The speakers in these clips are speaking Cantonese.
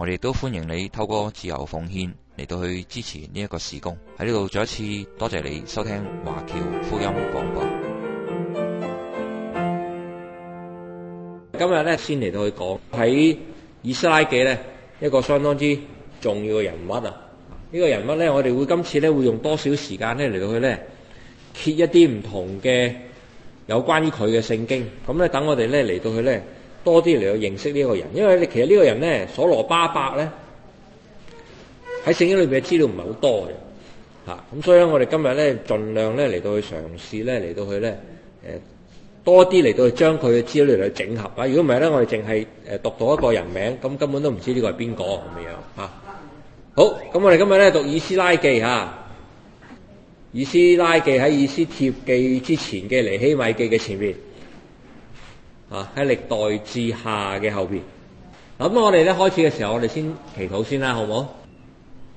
我哋都歡迎你透過自由奉獻嚟到去支持呢一個事工。喺呢度再一次多謝你收聽華僑福音廣播。今日咧先嚟到去講喺以斯拉記咧一個相當之重要嘅人物啊！呢個人物咧，我哋會今次咧會用多少時間咧嚟到去咧揭一啲唔同嘅有關於佢嘅聖經。咁咧，等我哋咧嚟到去咧。多啲嚟去認識呢個人，因為你其實呢個人咧，所羅巴伯咧喺聖經裏邊嘅資料唔係好多嘅，嚇、啊、咁所以咧，我哋今日咧盡量咧嚟到去嘗試咧嚟到去咧誒多啲嚟到去將佢嘅資料嚟去整合啊！如果唔係咧，我哋淨係誒讀到一個人名，咁根本都唔知呢個係邊個咁樣嚇。好，咁我哋今日咧讀以斯拉記嚇、啊，以斯拉記喺以斯帖記之前嘅尼希米記嘅前面。啊！喺歷代志下嘅後面，咁我哋咧開始嘅時候，我哋先祈禱先啦，好唔好？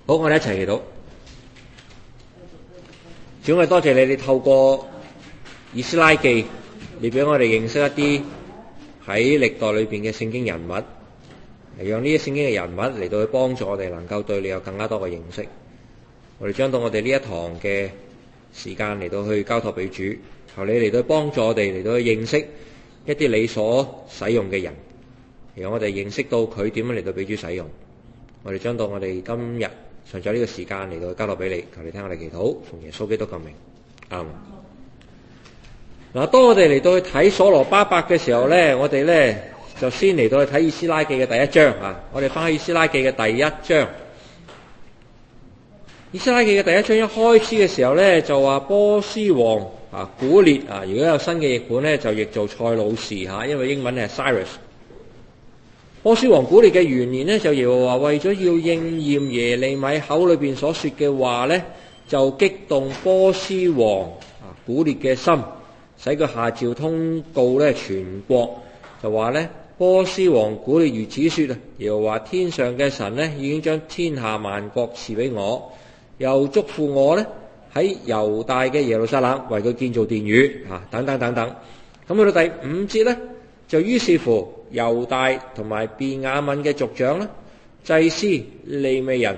好，我哋一齊祈禱。主要多謝你哋透過以斯拉記，你俾我哋認識一啲喺歷代裏面嘅聖經人物，嚟讓呢啲聖經嘅人物嚟到去幫助我哋，能夠對你有更加多嘅認識。我哋將到我哋呢一堂嘅時間嚟到去交託俾主，求你嚟到幫助我哋嚟到去認識一啲你所使用嘅人，然後我哋認識到佢點樣嚟到俾主使用，我哋將到我哋今日，上咗呢個時間嚟到交落俾你，求你聽我哋祈禱，奉耶穌基督共鳴。嗱、嗯，當我哋嚟到去睇所羅巴伯嘅時候咧，我哋咧就先嚟到去睇以斯拉記嘅第一章啊，我哋翻去以斯拉記嘅第一章，以斯拉記嘅第一章一開始嘅時候咧就話波斯王。啊，古列啊！如果有新嘅譯本咧，就譯做蔡老士嚇，因為英文係 Cyrus。波斯王古列嘅元年呢，就耶和華為咗要應驗耶利米口裏面所說嘅話呢，就激動波斯王啊古列嘅心，使佢下詔通告咧全國，就話呢，波斯王古列如此說：「啊，耶和華天上嘅神呢，已經將天下萬國賜俾我，又祝福我呢。」喺猶大嘅耶路撒冷為佢建造殿宇啊，等等等等。咁去到第五節咧，就於是乎猶大同埋便雅憫嘅族長啦，祭司、利未人，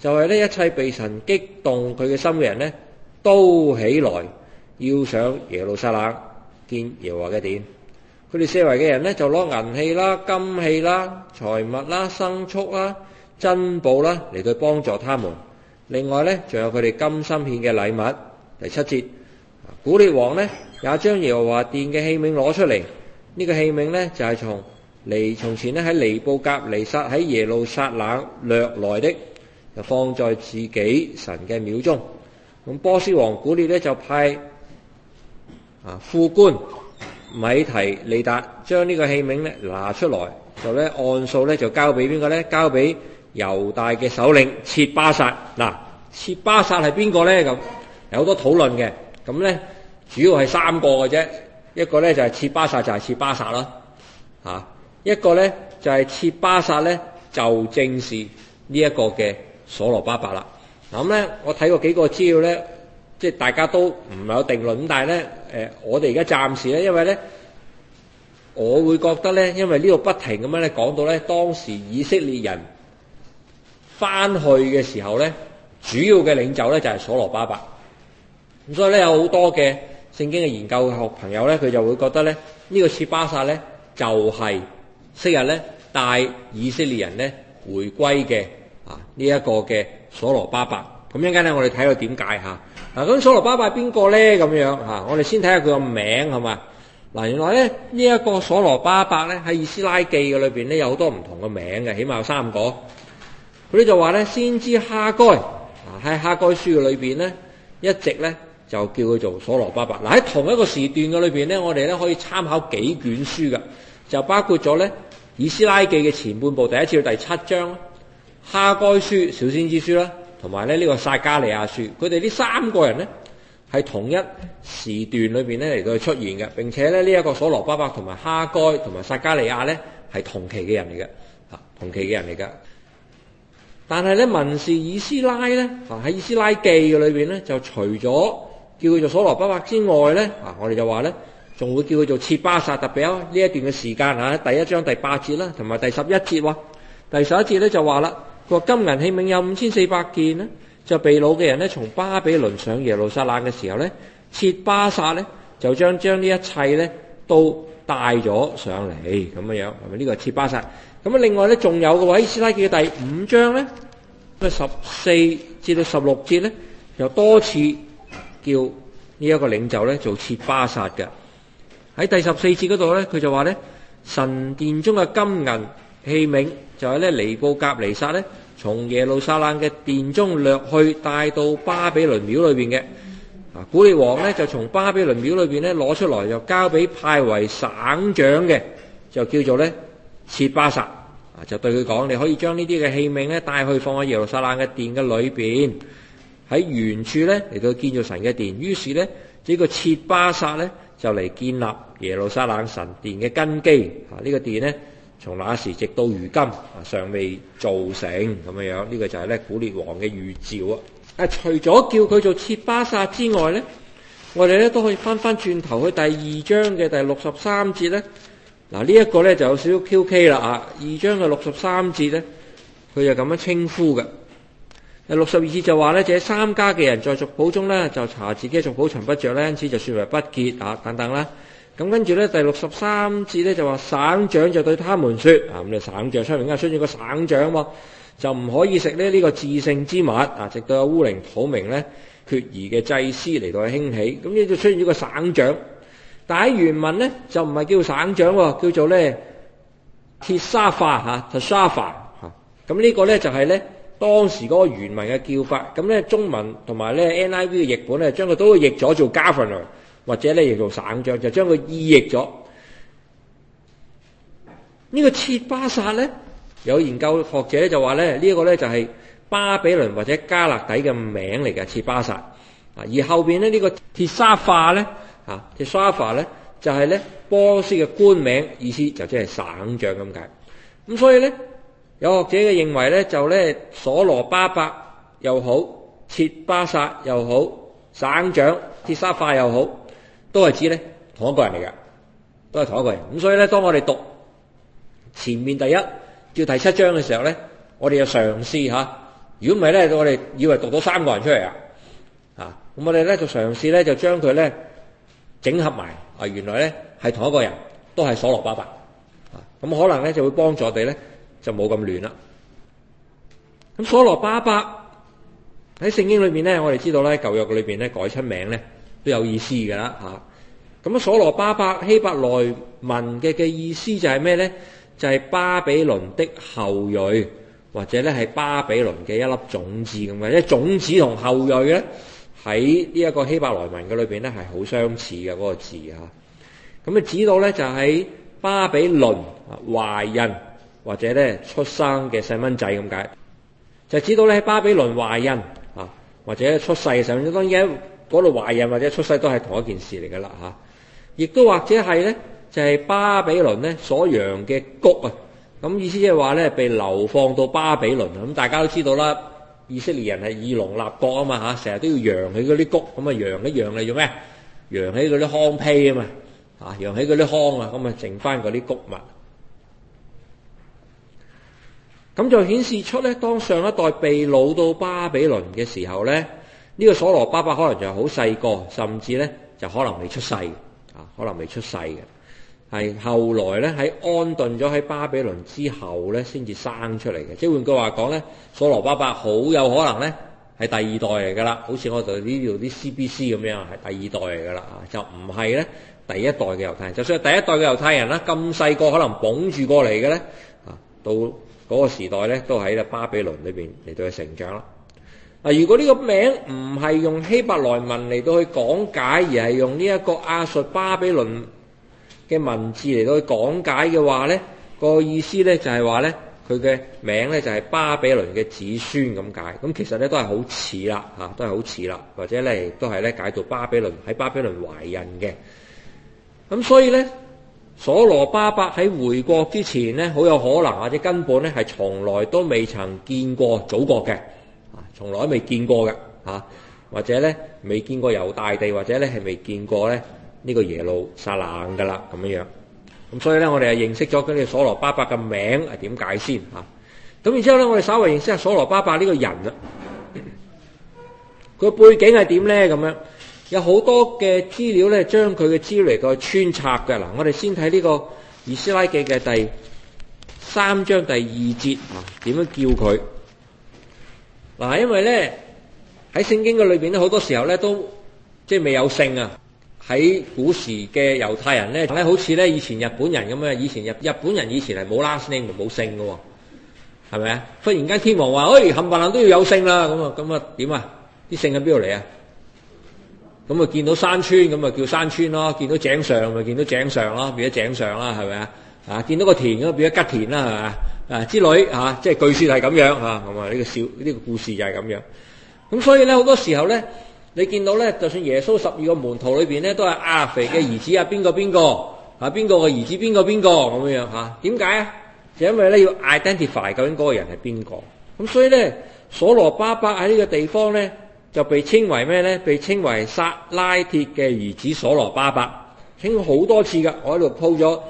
就係、是、呢一切被神激動佢嘅心嘅人咧，都起來要上耶路撒冷建耶和華嘅殿。佢哋四圍嘅人咧就攞銀器啦、金器啦、財物啦、牲畜啦、珍寶啦嚟到幫助他們。另外咧，仲有佢哋甘心獻嘅禮物。第七節，古列王咧，也將耶和華殿嘅器皿攞出嚟。呢個器皿咧，就係從尼從前咧喺尼布甲尼撒喺耶路撒冷掠來的，就放在自己神嘅廟中。咁波斯王古列咧就派啊副官米提利達將呢個器皿咧拿出來，就咧按數咧就交俾邊個咧？交俾。猶大嘅首領切巴薩嗱，切巴薩係邊個咧咁？有好多討論嘅，咁咧主要係三個嘅啫。一個咧就係切巴薩就係、是、切巴薩啦。吓，一個咧就係切巴薩咧，就正是呢一個嘅所羅巴伯啦。嗱咁咧，我睇過幾個資料咧，即係大家都唔係有定論。咁但係咧，誒，我哋而家暫時咧，因為咧我會覺得咧，因為呢度不停咁樣咧講到咧，當時以色列人。翻去嘅時候咧，主要嘅領袖咧就係所羅巴伯，伯。咁所以咧，有好多嘅聖經嘅研究學朋友咧，佢就會覺得咧，呢個設巴薩咧就係昔日咧帶以色列人咧回歸嘅啊，呢一個嘅所羅巴伯，伯。咁一陣間咧，我哋睇佢點解吓。嗱，咁所羅巴伯係邊個咧？咁樣吓，我哋先睇下佢個名係嘛。嗱，原來咧呢一個所羅巴伯咧喺《以斯拉記》嘅裏面咧有好多唔同嘅名嘅，起碼有三個。佢哋就話咧，先知哈該，喺哈該書嘅裏邊咧，一直咧就叫佢做所羅巴伯。嗱喺同一個時段嘅裏邊咧，我哋咧可以參考幾卷書噶，就包括咗咧以斯拉記嘅前半部，第一次到第七章，哈該書小先知書啦，同埋咧呢個撒加利亞書。佢哋呢三個人咧，係同一時段裏邊咧嚟到出現嘅。並且咧呢一個所羅巴伯同埋哈該同埋撒加利亞咧係同期嘅人嚟嘅，嚇同期嘅人嚟㗎。但係咧，文士以斯拉咧，啊喺以斯拉記嘅裏邊咧，就除咗叫佢做所羅巴伯之外咧，啊我哋就話咧，仲會叫佢做切巴撒。特別喺呢一段嘅時間吓，第一章第八節啦，同埋第十一節喎。第十一節咧就話啦，個金銀器皿有五千四百件啦，就被擄嘅人咧，從巴比倫上耶路撒冷嘅時候咧，切巴撒咧就將將呢一切咧都帶咗上嚟咁嘅樣，係咪呢個切巴撒？咁另外咧，仲有嘅話，以斯拉記嘅第五章咧，咁啊十四至到十六節咧，又多次叫呢一個領袖咧做設巴薩嘅。喺第十四節嗰度咧，佢就話咧，神殿中嘅金銀器皿就係咧尼布甲尼撒咧，從耶路撒冷嘅殿中掠去，帶到巴比倫廟裏邊嘅。啊，古列王咧就從巴比倫廟裏邊咧攞出來，又交俾派為省長嘅，就叫做咧。切巴薩，啊，就對佢講：你可以將呢啲嘅器皿咧帶去放喺耶路撒冷嘅殿嘅裏面。喺原處咧嚟到建造神嘅殿。於是咧，呢個切巴薩咧就嚟建立耶路撒冷神殿嘅根基。啊，呢個殿咧從那時直到如今啊，尚未造成咁嘅樣。呢個就係咧古列王嘅預兆啊！啊，除咗叫佢做切巴薩之外咧，我哋咧都可以翻翻轉頭去第二章嘅第六十三節咧。嗱、這個、呢一個咧就有少少 QK 啦啊，二章嘅六十三節咧，佢就咁樣稱呼嘅。六十二節就話咧，這三家嘅人在俗保中咧，就查自己俗保尋不著咧，因此就算為不潔啊等等啦。咁跟住咧，第六十三節咧就話省長就對他們說：「啊，咁啊省長出面，因為出現個省長喎，就唔可以食呢個自勝之物啊，直到烏靈土明咧決疑嘅祭司嚟到興起，咁呢就出現咗個省長。但係原文咧就唔係叫省長喎，叫做咧鐵沙化鐵沙法。咁呢個咧就係咧當時嗰個原文嘅叫法。咁咧中文同埋咧 NIV 嘅譯本咧將佢都譯咗做 governor 或者咧譯做省長，就將佢意譯咗。呢、這個切巴撒咧有研究學者就話咧呢個咧就係巴比倫或者加勒底嘅名嚟嘅切巴撒。啊，而後面咧、這、呢個鐵沙化咧。啊！只沙發咧就係咧波斯嘅官名，意思就即係省長咁解。咁所以咧有學者嘅認為咧就咧所羅巴伯又好，切巴撒又好，省長切沙發又好，都係指咧同一個人嚟噶，都係同一個人。咁所以咧，當我哋讀前面第一至第七章嘅時候咧，我哋又嘗試吓，如果唔係咧，我哋以為讀到三個人出嚟啊！啊，咁我哋咧就嘗試咧就將佢咧。整合埋啊！原來咧係同一個人都係所羅巴伯啊，咁可能咧就會幫助我哋咧就冇咁亂啦。咁所羅巴伯喺聖經裏面咧，我哋知道咧舊約裏面咧改出名咧都有意思㗎啦嚇。咁啊所羅巴伯希伯來文嘅嘅意思就係咩咧？就係巴比倫的後裔，或者咧係巴比倫嘅一粒種子咁嘅，即係種子同後裔咧。喺呢一個希伯來文嘅裏邊咧，係好相似嘅嗰個字啊！咁啊，指到咧就喺巴比倫懷孕或者咧出生嘅細蚊仔咁解，就指到咧喺巴比倫懷孕啊，或者出世上，當然喺嗰度懷孕或者出世都係同一件事嚟噶啦嚇。亦都或者係咧，就係巴比倫咧所養嘅穀啊！咁意思即係話咧，被流放到巴比倫啊！咁大家都知道啦。以色列人係以農立國啊嘛嚇，成日都要揚起嗰啲谷，咁啊揚一揚嚟做咩？揚起嗰啲糠皮啊嘛，嚇揚起嗰啲糠啊，咁啊剩翻嗰啲谷物。咁就顯示出咧，當上一代被擄到巴比倫嘅時候咧，呢個所羅巴伯可能就係好細個，甚至咧就可能未出世啊，可能未出世嘅。係後來咧，喺安頓咗喺巴比倫之後咧先至生出嚟嘅。即係換句話講咧，所羅巴伯好有可能咧係第二代嚟㗎啦。好似我哋呢度啲 CBC 咁樣係第二代嚟㗎啦。就唔係咧第一代嘅猶太人。就算係第一代嘅猶太人啦，咁細個可能捧住過嚟嘅咧，到嗰個時代咧都喺巴比倫裏邊嚟到去成長啦。嗱，如果呢個名唔係用希伯來文嚟到去講解，而係用呢一個亞述巴比倫。嘅文字嚟到去講解嘅話呢、呢個意思呢就係話呢佢嘅名呢就係巴比倫嘅子孫咁解。咁其實呢都係好似啦，都係好似啦，或者呢都係呢解到巴比倫喺巴比倫懷孕嘅。咁所以呢，所羅巴伯喺回國之前呢，好有可能或者根本呢係從來都未曾見過祖國嘅，啊從來都未見過嘅，或者呢未見過猶大地，或者呢係未見過呢。呢、個耶路撒冷噶啦，咁樣樣，咁所以咧，我哋啊認識咗佢哋所羅巴伯嘅名係點解先嚇？咁然之後咧，我哋稍微認識下所羅巴伯呢個人啊，佢背景係點咧？咁樣有好多嘅資料咧，將佢嘅資料嚟個穿插嘅嗱。我哋先睇呢個《以斯拉記》嘅第三章第二節啊，點樣叫佢嗱？因為咧喺聖經嘅裏邊咧，好多時候咧都即係未有姓啊。喺古時嘅猶太人咧，咧好似咧以前日本人咁啊！以前日日本人以前係冇 last name 冇姓嘅喎，係咪啊？忽然間天皇話，誒冚唪唥都要有姓啦！咁啊，咁啊點啊？啲姓喺邊度嚟啊？咁啊，見到山村咁啊，叫山村咯；見到井上咪見到井上咯，變咗井上啦，係咪啊？啊，見到個田咁啊，變咗吉田啦，係咪啊？啊之類嚇，即係據説係咁樣嚇，咁啊呢個笑呢個故事就係咁樣。咁所以咧好多時候咧。你見到咧，就算耶穌十二個門徒裏面咧，都係亞腓嘅兒子啊，邊個邊個啊，邊個嘅兒子邊個邊個咁樣嚇？點解啊？就因為咧要 identify 究竟嗰個人係邊個。咁所以咧，所羅巴伯喺呢個地方咧就被稱為咩咧？被稱為撒拉鐵嘅兒子所羅巴伯，聽好多次㗎。我喺度鋪咗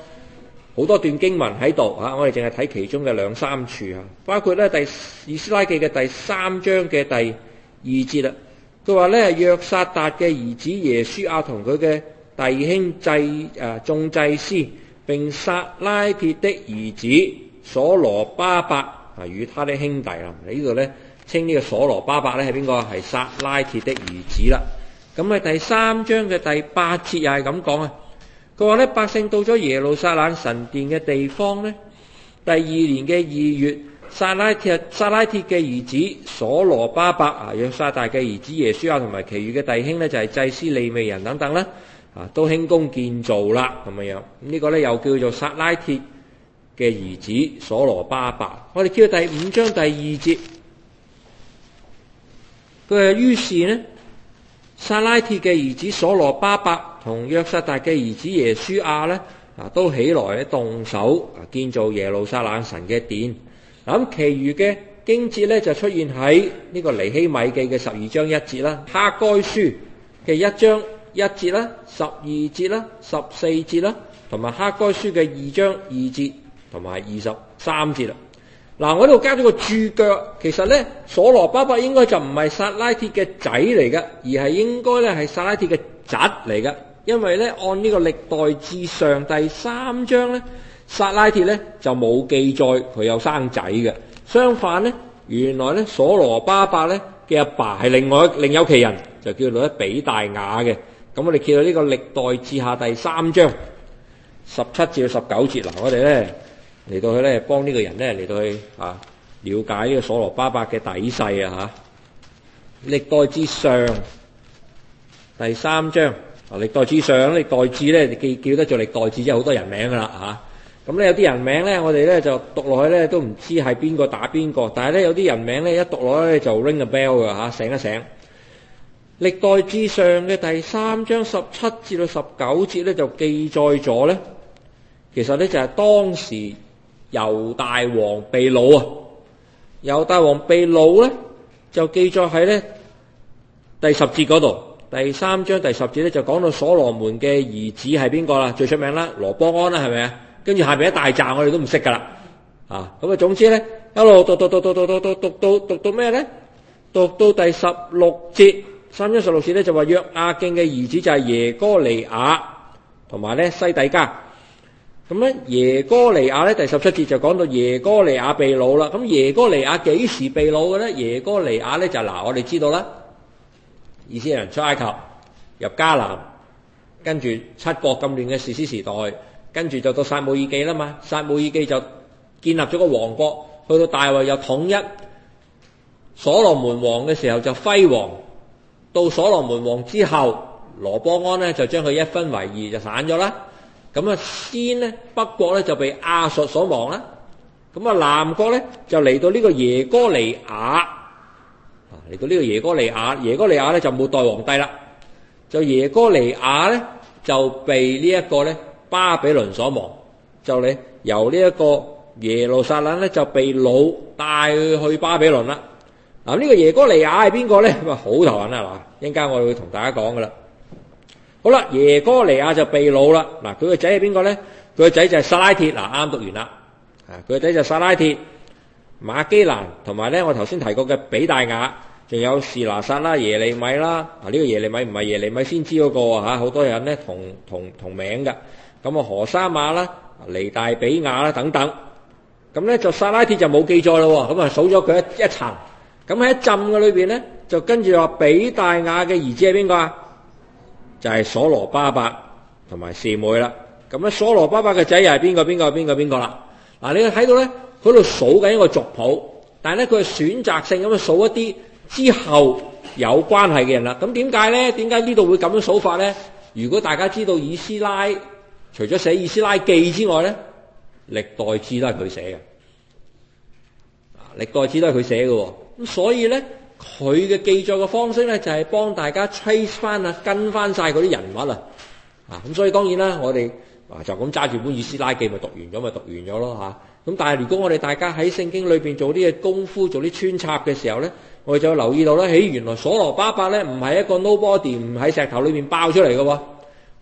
好多段經文喺度嚇，我哋淨係睇其中嘅兩三處啊，包括咧《以斯拉記》嘅第三章嘅第二節啦。佢話咧約薩達嘅兒子耶書亞同佢嘅弟兄祭誒、呃、眾祭司，並撒拉鐵的兒子所羅巴伯啊與他的兄弟啦，這個、呢度咧稱呢個所羅巴伯咧係邊個？係撒拉鐵的兒子啦。咁啊第三章嘅第八節又係咁講啊。佢話咧百姓到咗耶路撒冷神殿嘅地方咧，第二年嘅二月。撒拉鐵、撒拉鐵嘅兒子所羅巴伯啊，約撒大嘅兒子耶書亞，同埋其餘嘅弟兄呢就係祭司利未人等等啦，啊，都興工建造啦咁樣樣。咁呢、這個咧又叫做撒拉鐵嘅兒子所羅巴伯。我哋跳到第五章第二節，佢係於是呢，撒拉鐵嘅兒子所羅巴伯同約撒大嘅兒子耶書亞咧，啊都起來咧動手啊建造耶路撒冷神嘅殿。咁，其餘嘅經節咧就出現喺呢個尼希米記嘅十二章一節啦，哈該書嘅一章一節啦，十二節啦，十四節啦，同埋哈該書嘅二章二節同埋二十三節啦。嗱、啊，我呢度加咗個注腳，其實咧，所羅巴伯，伯應該就唔係撒拉鐵嘅仔嚟嘅，而係應該咧係撒拉鐵嘅侄嚟嘅，因為咧按呢個歷代志上第三章咧。撒拉鐵呢就冇記載佢有生仔嘅，相反呢，原來呢，所羅巴伯呢嘅阿爸係另外，另有其人，就叫做比大雅嘅。咁我哋見到呢個歷代志下第三章17咁咧有啲人名咧，我哋咧就讀落去咧都唔知係邊個打邊個，但係咧有啲人名咧一讀落去咧就 ring a bell 噶，醒一醒。歷代志上嘅第三章十七至到十九節咧就記載咗咧，其實咧就係當時猶大王被擄啊！猶大王被擄咧就記載喺咧第十節嗰度，第三章第十節咧就講到所羅門嘅兒子係邊個啦？最出名啦，羅波安啦，係咪啊？跟住下邊一大紮，我哋都唔識噶啦，啊，咁啊，總之咧，一路讀讀讀讀讀讀讀到讀到咩咧？讀到第十六節，三一十六節咧就話約亞敬嘅兒子就係耶哥尼雅，同埋咧西底家。咁咧耶哥尼雅咧第十七節就講到耶哥尼雅被擄啦。咁耶哥尼雅幾時被擄嘅咧？耶哥尼雅咧就嗱，我哋知道啦，以色列人出埃及，入迦南，跟住七國咁亂嘅士師時代。跟住就到撒母耳記啦嘛，撒母耳記就建立咗個王國，去到大衛又統一所羅門王嘅時候就輝煌，到所羅門王之後，羅波安呢就將佢一分為二就散咗啦。咁啊，先呢北國咧就被亞述所亡啦，咁啊南國咧就嚟到呢個耶哥尼雅，嚟到呢個耶哥尼雅，耶哥尼雅咧就末代皇帝啦，就耶哥尼雅咧就被呢、這、一個咧。巴比倫所亡，就你、是、由呢一個耶路撒冷咧就被擄帶去巴比倫啦。嗱、這、呢個耶哥尼雅係邊個咧？咁啊好頭痕啦，嗱，一陣間我會同大家講噶啦。好啦，耶哥尼雅就被擄啦。嗱，佢個仔係邊個咧？佢個仔就係撒拉鐵。嗱，啱讀完啦。啊，佢個仔就撒拉鐵、馬基蘭同埋咧，我頭先提過嘅比大雅，仲有士拿撒啦、耶利米啦。啊，呢個耶利米唔係耶利米先知嗰、那個吓，好多人咧同同同名㗎。咁啊，何沙馬啦，尼大比亞啦，等等。咁咧就撒拉鐵就冇記載咯喎。咁啊，數咗佢一層。咁喺一層嘅裏邊咧，就跟住話比大雅嘅兒子係邊個啊？就係、是、所羅巴伯同埋示每啦。咁咧，所羅巴伯嘅仔又係邊個？邊個？邊個？邊個啦？嗱，你睇到咧，佢喺度數緊一個族譜，但係咧佢係選擇性咁去數一啲之後有關係嘅人啦。咁點解咧？點解呢度會咁樣數法咧？如果大家知道以斯拉，除咗寫《以斯拉記》之外咧，歷代志都係佢寫嘅。啊，歷代志都係佢寫嘅咁，所以咧佢嘅記載嘅方式咧就係幫大家 trace 翻啊，跟翻晒嗰啲人物啊啊咁，所以當然啦，我哋啊就咁揸住本《以斯拉記》咪讀完咗咪讀完咗咯吓，咁但係如果我哋大家喺聖經裏邊做啲嘢功夫，做啲穿插嘅時候咧，我哋就留意到咧，喺原來所羅巴伯咧唔係一個 nobody 唔喺石頭裏面爆出嚟嘅喎，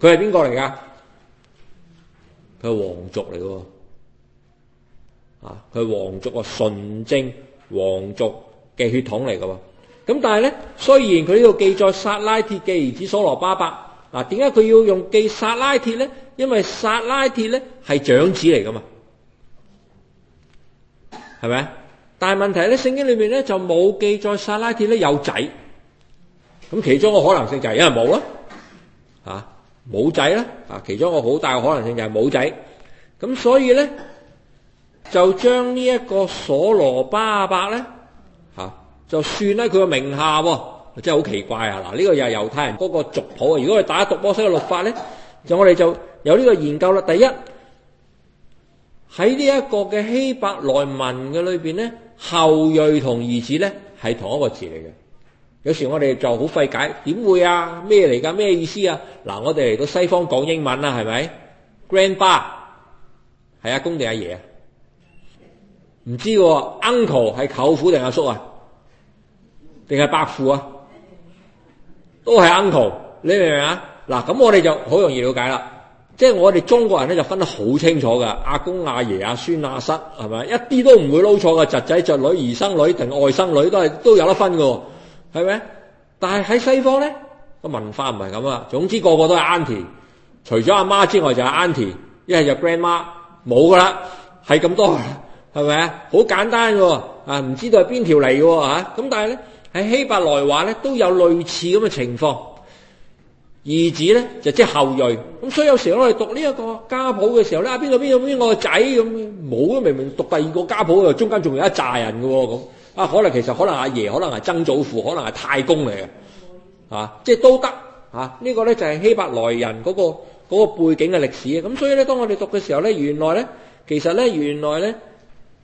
佢係邊個嚟㗎？佢係皇族嚟嘅。啊！佢係皇族啊，純正皇族嘅血統嚟嘅，咁但係咧，雖然佢呢度記載撒拉鐵嘅兒子所羅巴伯，嗱，點解佢要用記撒拉鐵咧？因為撒拉鐵咧係長子嚟噶嘛，係咪？但係問題咧，聖經裏面咧就冇記載撒拉鐵咧有仔，咁其中嘅可能性就係因為冇啦，啊冇仔啦，啊，其中一個好大嘅可能性就係冇仔，咁所以咧就將呢一個所羅巴伯咧就算喺佢個名下喎，真係好奇怪啊！嗱，呢個又係猶太人嗰、嗰個族譜啊！如果佢打讀波斯嘅律法咧，就我哋就有呢個研究啦。第一喺呢一個嘅希伯來文嘅裏面咧，後裔同兒子咧係同一個字嚟嘅。有時我哋就好費解點會啊？咩嚟㗎？咩意思啊？嗱，我哋嚟到西方講英文啦，係咪 grandpa 係阿公定阿爺啊？唔知喎，uncle 係舅父定阿叔啊？定係伯父啊？都係 uncle，你明唔明啊？嗱，咁我哋就好容易了解啦。即係我哋中國人咧，就分得好清楚㗎。阿公、阿爺、阿孫、阿室，係咪一啲都唔會撈錯㗎？侄仔、侄女、兒生女定外甥女都係都有得分㗎。係咪？但係喺西方咧，個文化唔係咁啊。總之個個，個都係 aunty，除咗阿媽之外就係 aunty，一係就 grandma，冇噶啦，係咁多，係咪啊？好簡單喎，啊唔知道係邊條嚟嘅嚇。咁但係咧喺希伯來話咧都有類似咁嘅情況，兒子咧就即係後裔。咁所以有時候我哋讀呢一個家譜嘅時候咧，邊個邊個邊個仔咁冇啊，啊？明明讀第二個家譜啊，中間仲有一紮人嘅咁。啊，可能其實可能阿爺、爺可能係曾祖父，可能係太公嚟嘅，啊，即係都得啊。呢、呢個咧就係希伯來人嗰、嗰個嗰個背景嘅歷史嘅咁，所以咧當我哋讀嘅時候咧，原來咧其實咧原來咧，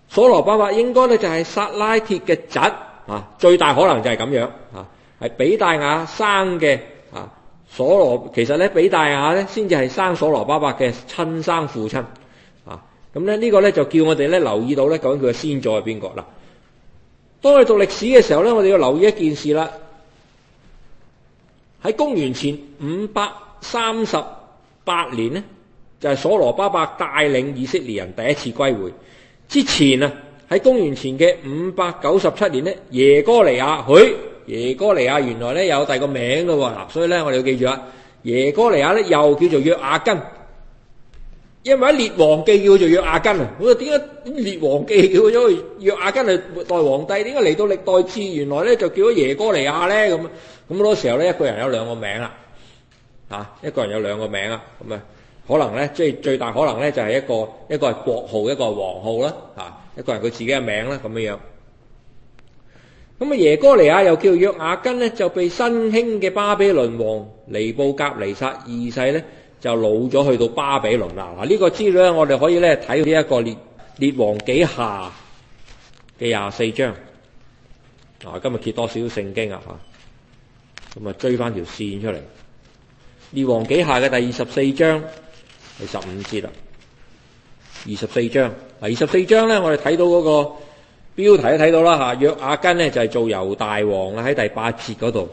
所羅巴伯、伯應該咧就係撒拉鐵嘅侄啊，最大可能就係咁樣啊，係毗大雅生嘅啊。所羅其實咧毗大雅咧先至係生所羅巴伯嘅親生父親啊。咁咧呢個咧就叫我哋咧留意到咧究竟佢嘅先祖係邊個啦。啊當你哋讀歷史嘅時候咧，我哋要留意一件事啦。喺公元前五百三十八年呢，就係、是、所羅巴伯帶領以色列人第一次歸回。之前啊，喺公元前嘅五百九十七年呢，耶哥尼亞，佢、哎、耶哥尼亞原來咧有第二個名㗎喎，嗱，所以咧我哋要記住啊，耶哥尼亞咧又叫做約亞根。因為喺列王記叫做約亞根，咁啊點解，列王記叫咗約亞根係末代皇帝？點解嚟到歷代志？原來咧就叫咗耶哥尼亞咧，咁？咁嗰個時候咧一個人有兩個名啦，啊一個人有兩個名啦，咁啊可能咧即係最大可能咧就係一個一個係國號一個係王號啦，啊一個人佢自己嘅名啦咁樣樣。咁啊耶哥尼亞又叫約亞根咧就被新興嘅巴比倫王尼布甲尼撒二世咧。就老咗去到巴比倫啦。嗱，呢個資料咧，我哋可以咧睇呢一個《列列王紀下》嘅廿四章。今日揭多少聖經啊？咁啊追翻條線出嚟，《列王紀下》嘅第二十四章第十五節啦。二十四章嗱，二十四章咧，我哋睇到嗰個標題都睇到啦嚇。約阿根呢就係做猶大王喺第八節嗰度。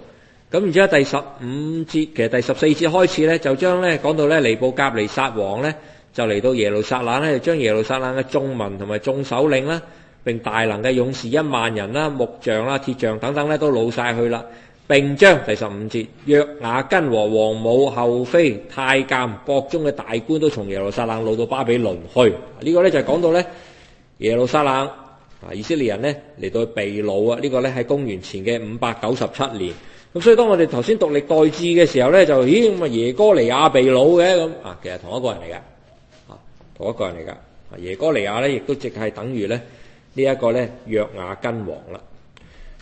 咁然之後，第十五節其實第十四節開始咧，就將咧講到咧尼布甲尼撒王咧就嚟到耶路撒冷咧，將耶路撒冷嘅眾民同埋眾首領啦，並大能嘅勇士一萬人啦、木匠啦、鐵匠等等咧，都老曬去啦。並將第十五節約雅斤和王，王母后妃、太監、國中嘅大官都從耶路撒冷老到巴比倫去。呢、這個咧就係講到咧耶路撒冷啊，以色列人呢嚟到被老啊。呢、這個咧喺公元前嘅五百九十七年。咁所以當我哋頭先讀歷代志嘅時候咧，就咦咁啊耶哥尼亞被擄嘅咁啊，其實同一個人嚟嘅，啊同一個人嚟嘅啊耶哥尼亞咧，亦都淨係等於咧呢一個咧約雅斤王啦。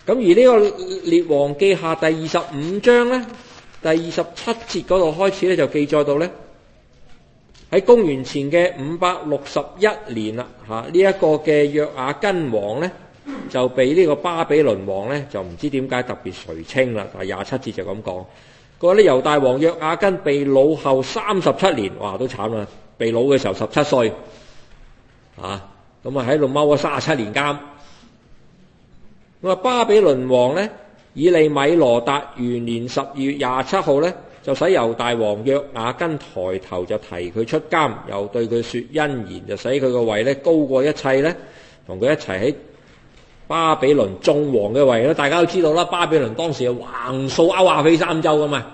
咁而呢個列王記下第二十五章咧第二十七節嗰度開始咧就記載到咧喺公元前嘅五百六十一年啦嚇呢一個嘅約雅斤王咧。就被呢個巴比倫王咧，就唔知點解特別垂青啦。但係廿七節就咁講，佢話呢猶大王約雅斤被擄後三十七年，哇都慘啦！被擄嘅時候十七歲，啊咁啊喺度踎咗三十七年監。我話巴比倫王咧，以利米羅達元年十二月廿七號咧，就使猶大王約雅斤抬頭就提佢出監，又對佢說恩言，就使佢個位咧高過一切咧，同佢一齊喺巴比倫中王嘅位咯，大家都知道啦。巴比倫當時係橫掃歐亞非三洲噶嘛，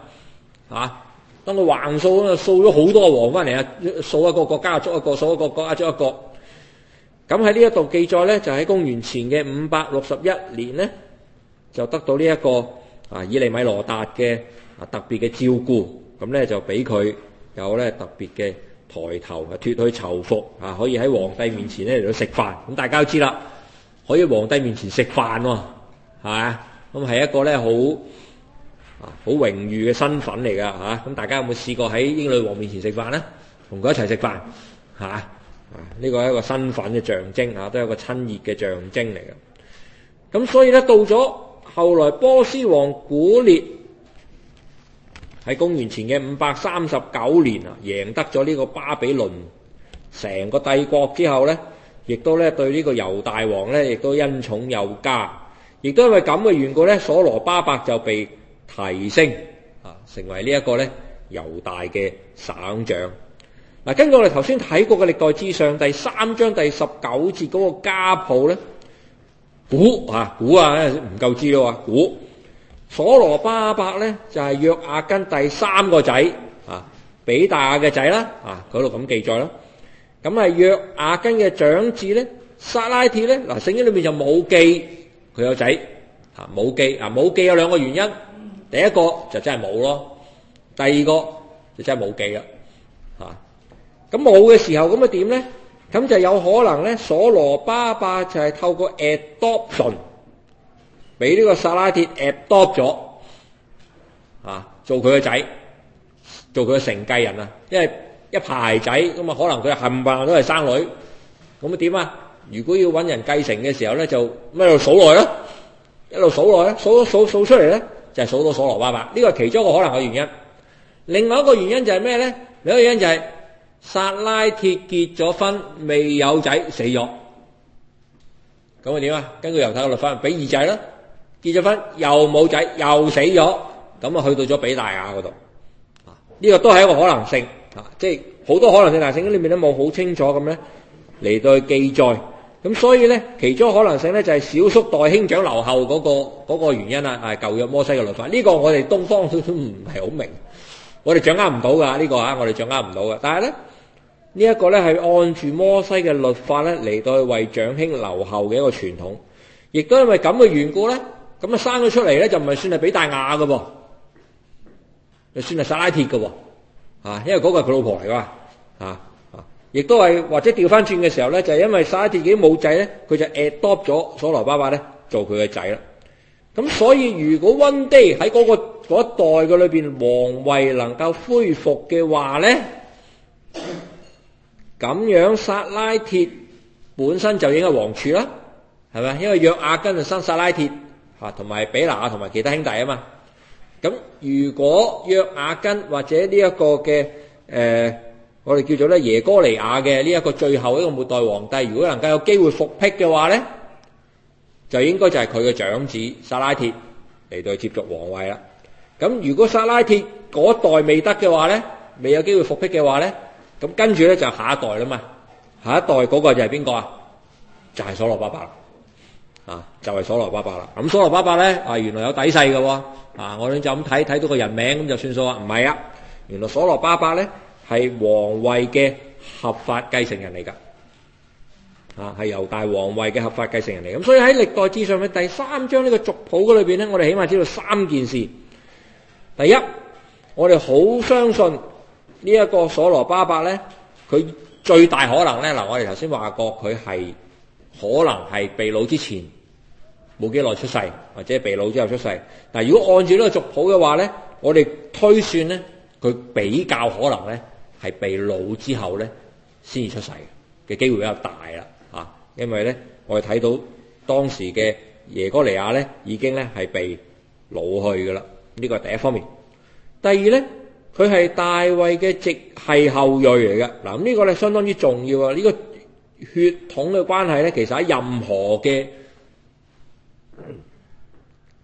啊，當佢橫掃咁啊，掃咗好多王翻嚟啊，掃一個國家捉一個，掃一個國家捉一,一個。咁喺呢一度記載咧，就喺公元前嘅五百六十一年咧，就得到呢、這、一個啊以利米羅達嘅啊特別嘅照顧，咁咧就俾佢有咧特別嘅抬頭啊脫去囚服啊，可以喺皇帝面前咧嚟到食飯。咁大家都知啦。可以皇帝面前食飯喎，係嘛？咁係一個咧好啊好榮譽嘅身份嚟噶，吓咁大家有冇試過喺英女王面前食飯咧？同佢一齊食飯，係嘛？啊，呢個係一個身份嘅象徵啊，都有個親熱嘅象徵嚟嘅。咁所以咧，到咗後來波斯王古列喺公元前嘅五百三十九年啊，贏得咗呢個巴比倫成個帝國之後咧。亦都咧對呢個猶大王咧，亦都恩寵有加，亦都因為咁嘅緣故咧，所羅巴伯就被提升啊，成為呢一個咧猶大嘅省長。嗱，根據我哋頭先睇過嘅歷代志上第三章第十九節嗰個家譜咧，估啊估啊，唔夠知啦喎，估所羅巴伯咧就係、是、約阿根第三個仔啊，比大雅嘅仔啦啊，嗰度咁記載囉。，咁係約亞根嘅長子呢，撒拉鐵呢，嗱聖經裏面就冇記佢有仔，冇記，冇記有兩個原因，第一個就真係冇囉，第二個就真係冇記啦，嚇。咁冇嘅時候咁啊點呢？咁就有可能呢，所羅巴伯就係透過沒有記，adoption 俾呢個撒拉鐵 adopt 一排仔咁啊，可能佢冚唪唥都係生女咁啊，點啊？如果要搵人繼承嘅時候咧，就咁一路數耐咯，一路數耐咧，數咗數數出嚟，咧，就係數到所羅巴伯呢個係其中一個可能嘅原因。另外一個原因就係咩咧？另一個原因就係撒拉鐵結咗婚未有仔死咗，咁啊點啊？根據猶太律法，俾二仔啦，結咗婚又冇仔又死咗，咁啊去到咗毗大雅嗰度啊？呢個都係一個可能性。即係好多可能性，但係聖經裏面都冇好清楚咁咧嚟到去記載，咁所以咧，其中可能性咧就係小叔代兄長留後嗰個嗰個原因啊，係舊約摩西嘅律法，呢個我哋東方都唔係好明，我哋掌握唔到噶呢個啊，我哋掌握唔到嘅。但係咧，呢一個咧係按住摩西嘅律法咧嚟到為長兄留後嘅一個傳統，亦都係因為咁嘅緣故咧，咁啊生咗出嚟咧就唔係算係毗大雅嘅喎，就算係撒拉鐵嘅喎。啊，因為嗰個係佢老婆嚟㗎，啊啊，亦都係或者調翻轉嘅時候咧，就係、是、因為撒拉鐵已經冇仔咧，佢就 adopt 咗所羅巴伯咧做佢嘅仔啦。咁所以如果 one day 喺嗰個一代嘅裏邊王位能夠恢復嘅話咧，咁樣撒拉鐵本身就應該王儲啦，係咪？因為約雅斤就生撒拉鐵嚇，同埋比拿同埋其他兄弟啊嘛。咁如果約亞根或者呢一個嘅誒、呃，我哋叫做咧耶哥尼亞嘅呢一個最後一個末代皇帝，如果能夠有機會復辟嘅話咧，就應該就係佢嘅長子撒拉鐵嚟到接續皇位啦。咁如果撒拉鐵嗰代未得嘅話咧，未有機會復辟嘅話咧，咁跟住咧就下一代啦嘛。下一代嗰個就係邊個啊？就係、是、所羅巴伯，伯。啊，就係、是、所羅巴伯啦。咁所羅巴伯咧，啊原來有底細噶、啊。啊，我哋就咁睇睇到個人名咁就算數啊？唔係啊，原來所羅巴伯咧係王位嘅合法繼承人嚟噶。啊，係猶大王位嘅合法繼承人嚟。咁所以喺歷代志上嘅第三章呢個族譜嗰裏邊咧，我哋起碼知道三件事。第一，我哋好相信呢一個所羅巴伯咧，佢最大可能咧，嗱我哋頭先話過佢係。可能係被老之前冇幾耐出世，或者被老之後出世。但係如果按住呢個族譜嘅話咧，我哋推算咧，佢比較可能咧係被老之後咧先至出世嘅機會比較大啦，因為咧我哋睇到當時嘅耶哥尼亞咧已經咧係被老去噶啦，呢個第一方面。第二咧，佢係大衛嘅直系後裔嚟嘅，嗱咁呢個咧相當之重要啊！呢血統嘅關係咧，其實喺任何嘅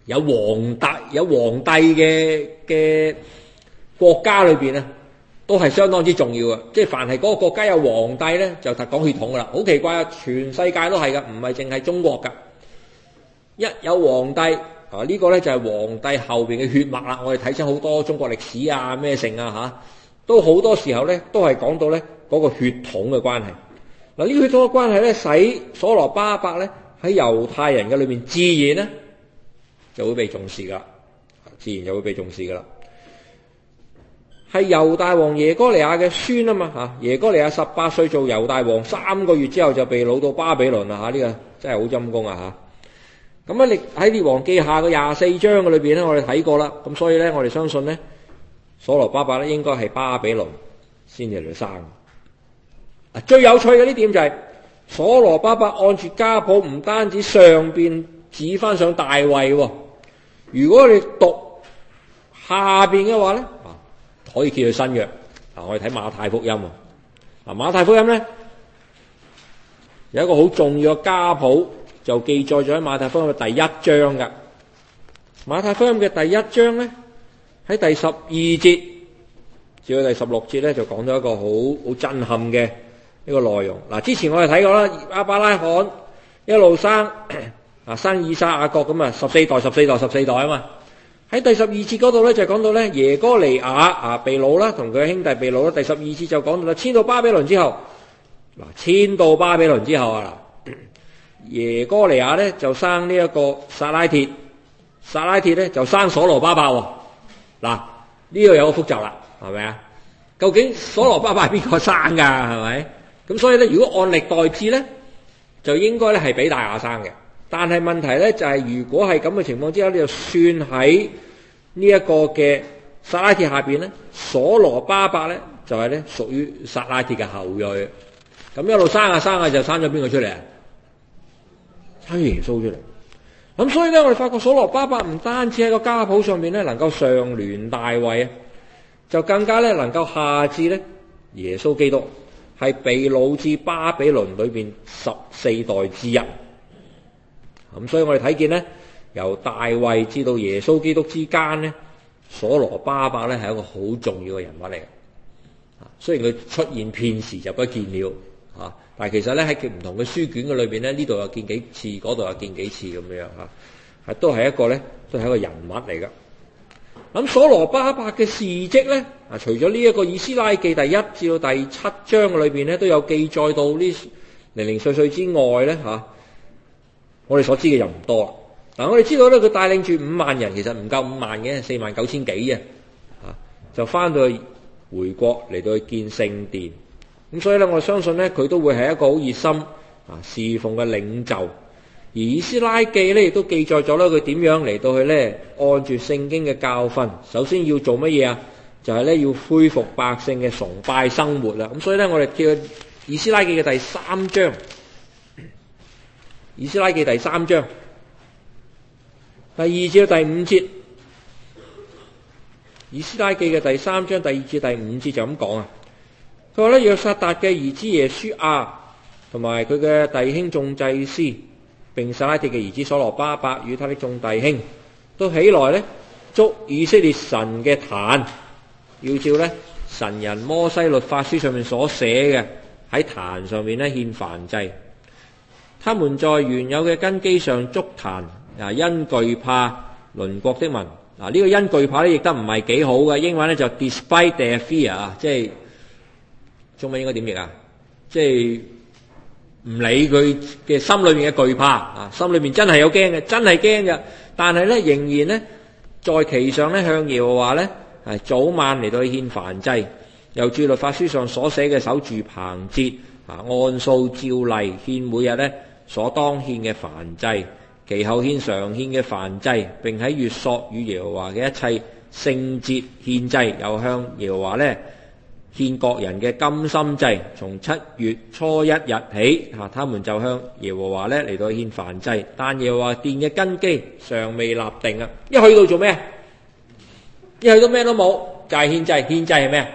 有皇達有皇帝嘅嘅國家裏邊啊，都係相當之重要嘅。即係凡係嗰個國家有皇帝咧，就講血統噶啦。好奇怪啊，全世界都係噶，唔係淨係中國噶。一有皇帝啊，呢個咧就係皇帝後邊嘅血脈啦。我哋睇親好多中國歷史啊，咩城啊嚇，都好多時候咧都係講到咧嗰個血統嘅關係。嗱，呢血統嘅關係咧，使所羅巴伯咧喺猶太人嘅裏邊，自然咧就會被重視噶，自然就會被重視噶啦。係猶大王耶哥尼亞嘅孫啊嘛，吓耶哥尼亞十八歲做猶大王，三個月之後就被擄到巴比倫啦，吓、這、呢個真係好陰功啊吓。咁啊，歷喺列王記下嘅廿四章嘅裏邊咧，我哋睇過啦。咁所以咧，我哋相信咧，所羅巴伯咧應該係巴比倫先至嚟生。最有趣嘅呢點就係所羅巴伯按住家譜，唔單止上邊指返上大衛喎。如果你讀下邊嘅話咧，可以叫佢新約。嗱，我哋睇馬太福音啊。馬太福音咧有一個好重要嘅家譜，就記載咗喺馬太福音嘅第一章㗎。馬太福音嘅第一章咧喺第十二節至到第十六節咧，就講咗一個好好震撼嘅。呢個內容嗱，之前我哋睇過啦，亞伯拉罕一路生啊，生以撒、雅各咁啊，十四代、十四代、十四代啊嘛。喺第十二節嗰度咧，就講到咧耶哥尼亞啊，被擄啦，同佢兄弟被擄啦。第十二節就講到啦，遷到巴比倫之後，嗱，遷到巴比倫之後啊，嗱，耶哥尼亞咧就生呢一個撒拉鐵，撒拉鐵咧就生所羅巴伯喎。嗱，呢個有個複雜啦，係咪啊？究竟所羅巴伯係邊個生㗎？係咪？咁所以咧，如果按歷代志咧，就應該咧係俾大亞生嘅。但係問題咧就係、是，如果係咁嘅情況之下，你就算喺呢一個嘅撒拉鐵下面，咧，所羅巴伯咧就係咧屬於撒拉鐵嘅後裔。咁一路生下、啊、生下、啊，就生咗邊個出嚟啊？生耶穌出嚟。咁所以咧，我哋發覺所羅巴伯唔單止喺個家譜上面咧能夠上聯大衛，啊，就更加咧能夠下至咧耶穌基督。係被擄至巴比倫裏邊十四代之一。咁，所以我哋睇見咧，由大衛至到耶穌基督之間咧，所羅巴伯咧係一個好重要嘅人物嚟嘅。啊，雖然佢出現片時就不見了啊，但係其實咧喺佢唔同嘅書卷嘅裏邊咧，呢度又見幾次，嗰度又見幾次咁樣吓，係都係一個咧，都係一個人物嚟噶。咁所羅巴伯嘅事蹟咧，啊，除咗呢一個以斯拉記第一至到第七章裏邊咧，都有記載到呢零零碎碎之外咧，吓，我哋所知嘅人唔多。嗱，我哋知道咧，佢帶領住五萬人，其實唔夠五萬嘅，四萬九千幾嘅，啊，就翻到去回國嚟到去建聖殿。咁所以咧，我相信咧，佢都會係一個好熱心啊侍奉嘅領袖。而以斯拉記咧，亦都記載咗咧佢點樣嚟到去咧，按住聖經嘅教訓，首先要做乜嘢啊？就係咧要恢復百姓嘅崇拜生活啦。咁所以咧，我哋叫以斯拉記嘅第三章，以斯拉記第三章第二至第五節，以斯拉記嘅第三章第二至第五節就咁講啊。佢話咧，約薩達嘅兒子耶書亞同埋佢嘅弟兄眾祭司，明撒拉鐵嘅兒子所羅巴伯，伯與他的眾弟兄都起來呢，捉以色列神嘅壇，要照呢神人摩西律法書上面所寫嘅，喺壇上面呢獻燔祭。他們在原有嘅根基上捉壇，因懼怕鄰國的民。嗱、這，呢個因懼怕呢亦得唔係幾好嘅。英文呢，就 despite their fear 啊，即係中文應該點譯啊？即係唔理佢嘅心裏面嘅懼怕啊，心裏面真係有驚嘅，真係驚嘅。但係咧，仍然呢，在其上咧向耶和華咧，早晚嚟到去獻燔祭，又住律法書上所寫嘅守住棚節啊，按數照例獻每日咧所當獻嘅燔祭，其後獻常獻嘅燔祭，並喺月朔與耶和華嘅一切聖節獻祭，又向耶和華咧。獻國人嘅甘心祭，從七月初一日起，吓，他們就向耶和華咧嚟到獻燔祭，但耶和華殿嘅根基尚未立定啊！一去到做咩？一去到咩都冇，就係獻祭，獻祭係咩？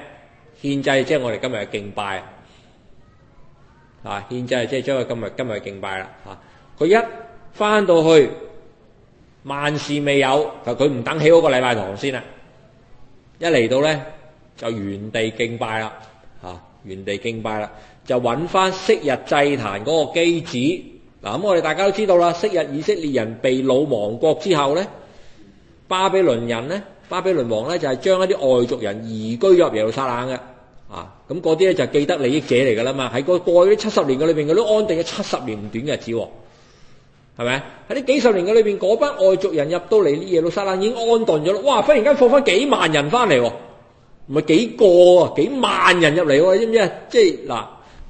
獻祭即係我哋今日嘅敬拜，啊，獻祭即係將佢今日今日嘅敬拜啦，吓，佢一翻到去，萬事未有，就佢唔等起嗰個禮拜堂先啦，一嚟到咧。就原地敬拜啦，嚇原地敬拜啦，就揾翻昔日祭壇嗰個基址嗱。咁我哋大家都知道啦，昔日以色列人被擄亡國之後咧，巴比倫人咧，巴比倫王咧就係將一啲外族人移居入耶路撒冷嘅啊。咁嗰啲咧就係既得利益者嚟㗎啦嘛。喺嗰過去呢七十年嘅裏邊，佢都安定咗七十年唔短嘅日子，係咪？喺呢幾十年嘅裏邊，嗰班外族人入到嚟啲耶路撒冷已經安頓咗啦。哇！忽然間放翻幾萬人翻嚟。唔係幾個喎、啊？幾萬人入嚟喎？知唔知啊？即係嗱，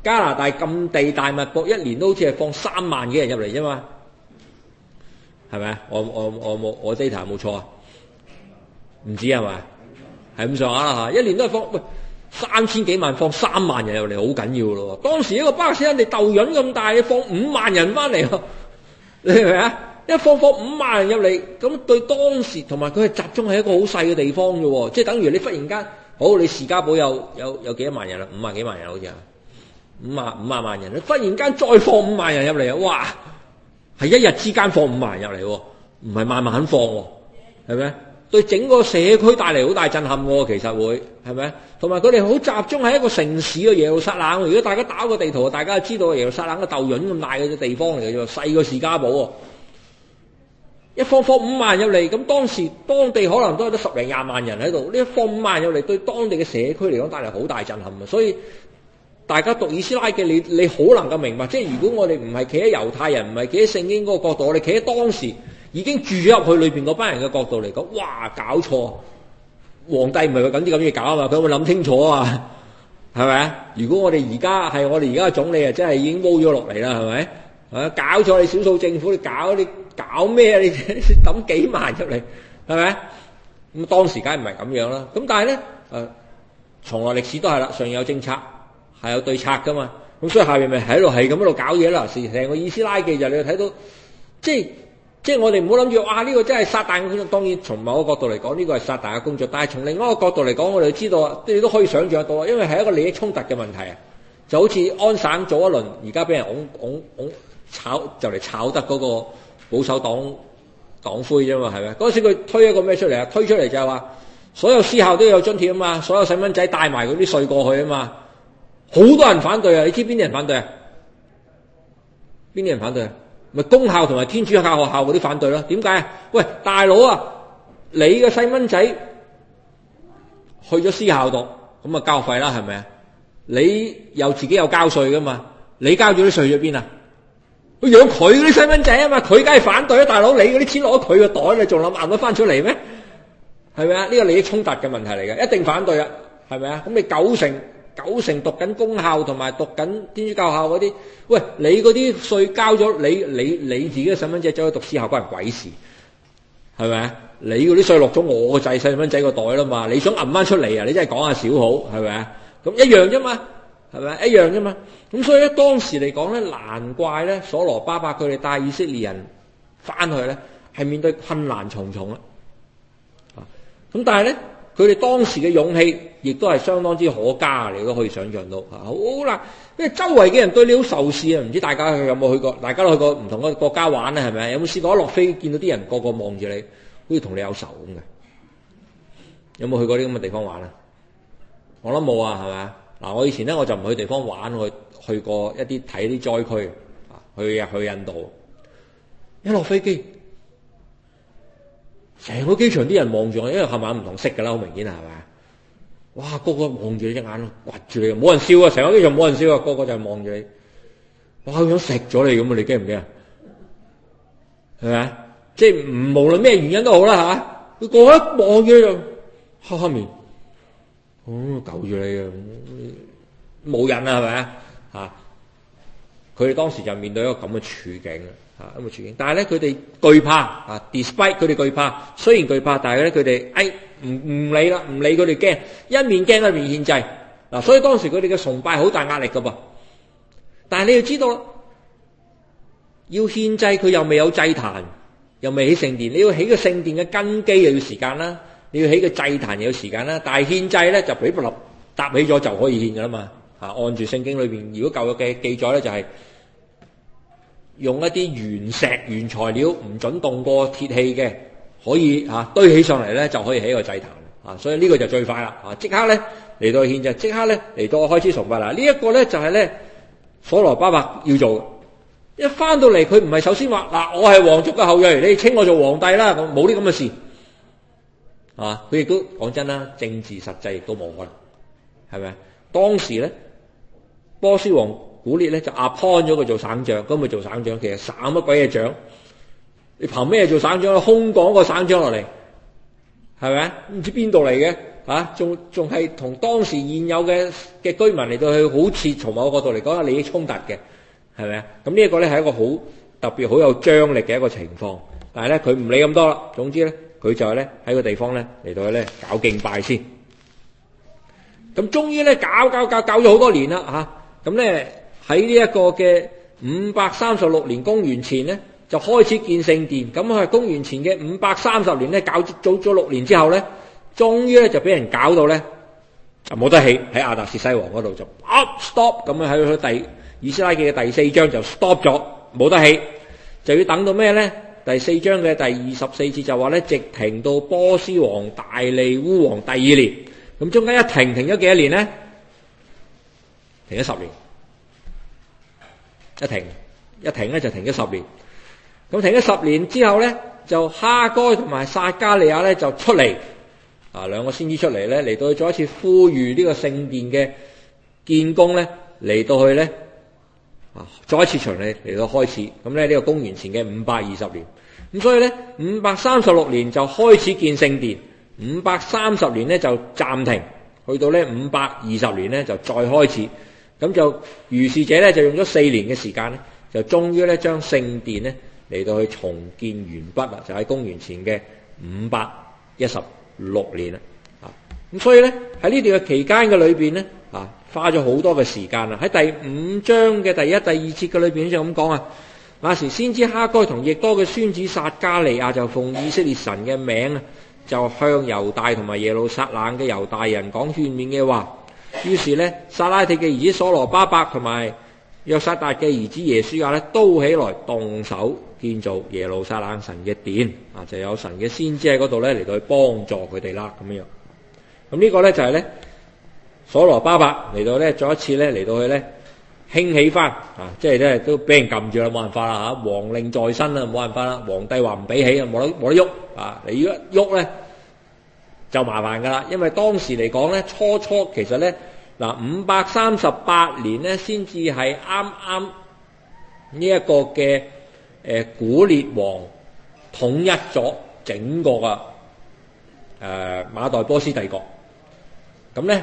加拿大咁地大物博、啊啊嗯，一年都好似係放三萬幾人入嚟啫嘛，係咪啊？我我我冇我 data 冇錯啊？唔知係咪？係咁上下啦，一年都係放喂，三千幾萬放，放三萬人入嚟，好緊要咯、啊。當時一個巴勒斯坦地豆潤咁大，你放五萬人翻嚟、啊，你係咪啊？一放放五萬人入嚟，咁對當時同埋佢係集中喺一個好細嘅地方嘅、啊、喎，即係等於你忽然間。好，你士嘉堡有有有幾多萬人？五萬幾萬人好似啊，五萬五十萬人，你忽然間再放五萬人入嚟啊！哇，係一日之間放五萬人入嚟喎，唔係慢慢放喎，係咪？對整個社區帶嚟好大震撼喎，其實會係咪？同埋佢哋好集中喺一個城市嘅耶路撒冷。如果大家打個地圖，大家就知道耶路撒冷嘅豆潤咁大嘅地方嚟嘅，細過士嘉堡喎。一放放五萬入嚟，咁當時當地可能都有得十零廿萬人喺度。呢一放五萬入嚟，對當地嘅社區嚟講帶嚟好大震撼啊！所以大家讀以斯拉記，你你好能夠明白。即係如果我哋唔係企喺猶太人，唔係企喺聖經嗰個角度，我哋企喺當時已經住咗入去裏邊嗰班人嘅角度嚟講，哇！搞錯，皇帝唔係為緊啲咁嘢搞啊嘛，佢會諗清楚啊？係咪？如果我哋而家係我哋而家嘅總理啊，真係已經冇咗落嚟啦，係咪？係啊，搞錯你少數政府，你搞啲。搞咩啊？你你抌幾萬入嚟，係咪？咁當時梗唔係咁樣啦。咁但係咧、呃，從來歷史都係啦，上有政策係有對策噶嘛。咁所以下面咪喺度係咁喺度搞嘢啦。成個以斯拉記你就你睇到，即係即係我哋唔好諗住啊，呢個真係撒旦嘅工作。當然從某個角度嚟講，呢、呢個係撒旦嘅工作。但係從另一個角度嚟講，我哋知道你都可以想像得到啊，因為係一個利益衝突嘅問題啊。就好似安省做一輪，而家俾人拱拱拱炒就嚟炒得嗰、嗰個。保守黨黨魁啫嘛，係咪？嗰時佢推一個咩出嚟啊？推出嚟就係話，所有私校都有津貼啊嘛，所有細蚊仔帶埋嗰啲稅過去啊嘛，好多人反對啊！你知邊啲人反對啊？邊啲人反對啊？咪、就是、公校同埋天主教學校嗰啲反對咯？點解啊？喂，大佬啊，你嘅細蚊仔去咗私校讀，咁啊交費啦，係咪啊？你又自己有交稅噶嘛？你交咗啲稅喺邊啊？佢養佢嗰啲細蚊仔啊嘛，佢梗係反對啊！大佬，你嗰啲錢攞佢個袋咧，仲諗揞到翻出嚟咩？係咪啊？呢個利益衝突嘅問題嚟嘅，一定反對啊！係咪啊？咁你九成九成讀緊公校同埋讀緊天主教校嗰啲，喂，你嗰啲稅交咗，你你你自己嘅細蚊仔走去讀私校，關人鬼事，係咪啊？你嗰啲稅落咗我個細細蚊仔個袋啦嘛，你想揞翻出嚟啊？你真係講下少好，係咪啊？咁一樣啫嘛。係咪一樣啫嘛？咁所以咧，當時嚟講咧，難怪咧，所羅巴伯佢哋帶以色列人翻去咧，係面對困難重重啊！啊，咁但係咧，佢哋當時嘅勇氣，亦都係相當之可嘉。你都可以想象到啊，好難，因為周圍嘅人對你好仇視啊！唔知大家有冇去過？大家都去過唔同嘅國家玩啊？係咪？有冇試過一落飛，見到啲人個個望住你，好似同你有仇咁嘅？有冇去過啲咁嘅地方玩？我諗冇啊？我都冇啊，係咪？嗱，我以前咧，我就唔去地方玩，去去過一啲睇啲災區，啊，去去印度，一落飛機，成個機場啲人望住我，因為吓眼唔同色噶啦，好明顯，係咪？哇，個個望住你隻眼，掘住你，冇人笑啊，成個機場冇人笑啊，個個就係望住你，哇，想食咗你咁啊，你驚唔驚啊？係咪即係無論咩原因都好啦吓，佢個一望住你就黑黑面。哦、嗯，狗住你啊！冇人啊，係咪啊？吓，佢哋當時就面對一個咁嘅處境啊，一個處境。但係咧，佢哋懼怕啊，despite 佢哋懼怕，雖然懼怕，但係咧，佢哋哎唔唔理啦，唔理佢哋驚，一面驚一面獻祭。所以當時佢哋嘅崇拜好大壓力噶噃。但係你要知道，要獻祭，佢又未有祭壇，又未起聖殿，你要起個聖殿嘅根基又要時間啦。你要起個祭壇有時間啦，但係獻祭咧就俾部立搭起咗就可以獻噶啦嘛。按住聖經裏邊，如果舊約嘅記載咧就係用一啲原石原材料，唔准動過鐵器嘅，可以啊堆起上嚟咧就可以起個祭壇啊。所以呢個就最快啦，即刻咧嚟到獻祭，即刻咧嚟到開始崇拜啦。呢、這、一個咧就係咧，所羅巴伯要做。一翻到嚟，佢唔係首先話嗱，我係王族嘅後裔，你稱我做皇帝啦，冇啲咁嘅事。啊！佢亦都講真啦，政治實際亦都冇可能，係咪當時咧，波斯王古列咧就阿 p o i n t 咗佢做省長，咁佢做省長，其實省乜鬼嘢長？你憑咩做省長啊？空講個省長落嚟，係咪唔知邊度嚟嘅啊？仲仲係同當時現有嘅嘅居民嚟到去，好似從某個角度嚟講有利益衝突嘅，係咪啊？咁呢一個咧係一個好特別、好有張力嘅一個情況，但係咧佢唔理咁多啦。總之咧。佢就係咧喺個地方咧嚟到咧搞敬拜先，咁終於咧搞搞搞搞咗好多年啦嚇，咁咧喺呢一個嘅五百三十六年公元前咧就開始建聖殿，咁係公元前嘅五百三十年咧搞早咗六年之後咧，終於咧就俾人搞到咧就冇得起喺亞達士西王嗰度就 up stop 咁樣喺佢第《以斯拉記》嘅第四章就 stop 咗冇得起，就要等到咩咧？第四章嘅第二十四節就話咧，直停到波斯王大利烏王第二年，咁中間一停，停咗幾多年呢？停咗十年，一停一停咧就停咗十年。咁停咗十年之後咧，就哈該同埋撒加利亞咧就出嚟，啊兩個先知出嚟咧嚟到去再一次呼籲呢個聖殿嘅建工咧嚟到去咧。啊，再一次從你嚟到開始，咁咧呢個公元前嘅五百二十年，咁所以咧五百三十六年就開始建聖殿，五百三十年咧就暫停，去到呢五百二十年咧就再開始，咁就如是者咧就用咗四年嘅時間咧，就終於咧將聖殿咧嚟到去重建完畢啦，就喺公元前嘅五百一十六年啦，啊，咁所以咧喺呢段嘅期間嘅裏邊咧，啊。花咗好多嘅時間啦，喺第五章嘅第一、第二節嘅裏面，就咁講啊，那時先知哈該同亦多嘅孫子撒加利亞就奉以色列神嘅名啊，就向猶大同埋耶路撒冷嘅猶大人講勸勉嘅話。於是呢，撒拉鐵嘅兒子所羅巴伯同埋約撒達嘅兒子耶書亞呢，都起來動手建造耶路撒冷神嘅殿啊，就有神嘅先知喺嗰度咧嚟到去幫助佢哋啦咁樣。咁呢個呢，就係、是、呢。所羅巴伯嚟到咧，再一次咧嚟到佢咧，興起翻啊！即係咧都俾人撳住啦，冇辦法啦嚇。皇令在身啊，冇辦法啦。皇帝話唔俾起，冇得冇得喐啊！你要一喐咧就麻煩㗎啦，因為當時嚟講咧，初初其實咧嗱五百三十八年咧，先至係啱啱呢一個嘅誒古列王統一咗整個嘅誒馬代波斯帝國咁咧。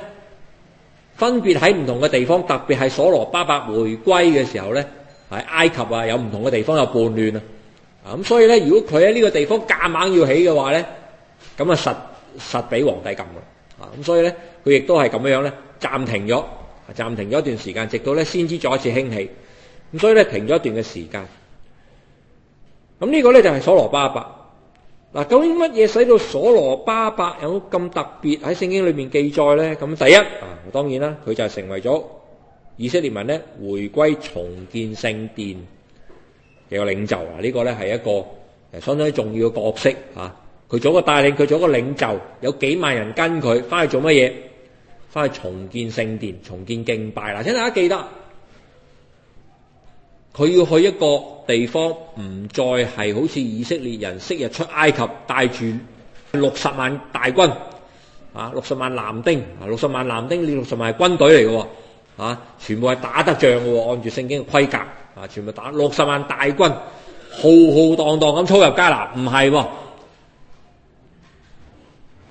分別喺唔同嘅地方，特別係所羅巴伯回歸嘅時候咧，喺埃及啊有唔同嘅地方有叛亂啊，啊咁所以咧，如果佢喺呢個地方夾硬要起嘅話咧，咁啊實實俾皇帝撳啦，啊咁所以咧佢亦都係咁樣樣咧暫停咗，暫停咗一段時間，直到咧先知再一次興起，咁所以咧停咗一段嘅時間，咁呢個咧就係所羅巴伯。嗱，究竟乜嘢使到所羅巴伯有咁特別喺聖經裏面記載咧？咁第一啊，當然啦，佢就係成為咗以色列民咧，回歸重建聖殿嘅領袖。嗱，呢個咧係一個相當重要嘅角色嚇。佢做一個帶領，佢做一個領袖，有幾萬人跟佢翻去做乜嘢？翻去重建聖殿，重建敬拜。嗱，請大家記得，佢要去一個。地方唔再係好似以色列人昔日出埃及帶住六十萬大軍啊，六十萬男丁，六十萬男丁呢？六十萬軍隊嚟嘅，啊，全部係打得仗嘅，按住聖經嘅規格啊，全部打六十萬大軍浩浩蕩蕩咁操入迦南，唔係，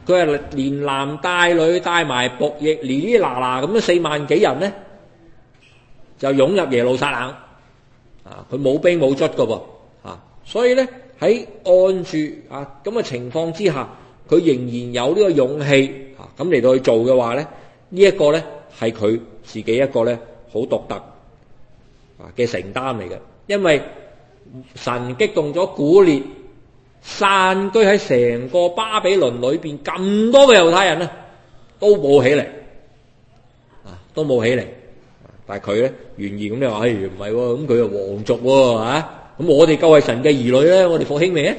佢係連男帶女帶埋僕役，連呢嗱嗱咁樣四萬幾人呢，就湧入耶路撒冷。啊！佢冇兵冇卒嘅噃，啊！所以咧喺按住啊咁嘅情況之下，佢仍然有呢個勇氣啊咁嚟到去做嘅話咧，呢一個咧係佢自己一個咧好獨特啊嘅承擔嚟嘅，因為神激動咗古列散居喺成個巴比倫裏邊咁多嘅猶太人啊，都冇起嚟啊，都冇起嚟。但係佢咧，願意咁你話，哎，唔係喎，咁佢又王族喎，咁、啊、我哋夠係神嘅兒女咧，我哋復興未啊？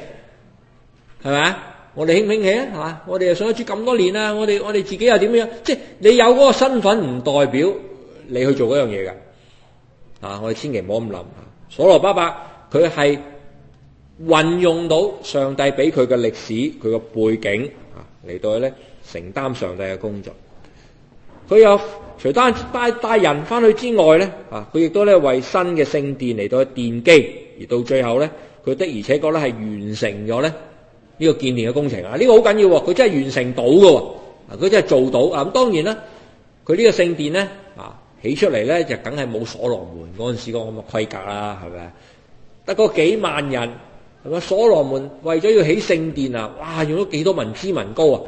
係咪？我哋興唔興起啊？我哋又上咗住咁多年啦，我哋我哋自己又點樣？即係你有嗰個身份唔代表你去做嗰樣嘢㗎，啊！我哋千祈唔好咁諗。所羅巴伯佢係運用到上帝俾佢嘅歷史，佢嘅背景嚟到咧承擔上帝嘅工作。佢又除咗帶人翻去之外咧，啊，佢亦都咧為新嘅聖殿嚟到奠基，而到最後咧，佢的而且確咧係完成咗咧呢個建殿嘅工程啊！呢個好緊要，佢真係完成到㗎啊，佢真係做到啊！咁當然啦，佢呢個聖殿咧，啊，起出嚟咧就梗係冇所羅門嗰陣時嗰咁嘅規格啦，係咪得個幾萬人，係咪？所羅門為咗要起聖殿啊，哇，用咗幾多民脂民膏啊！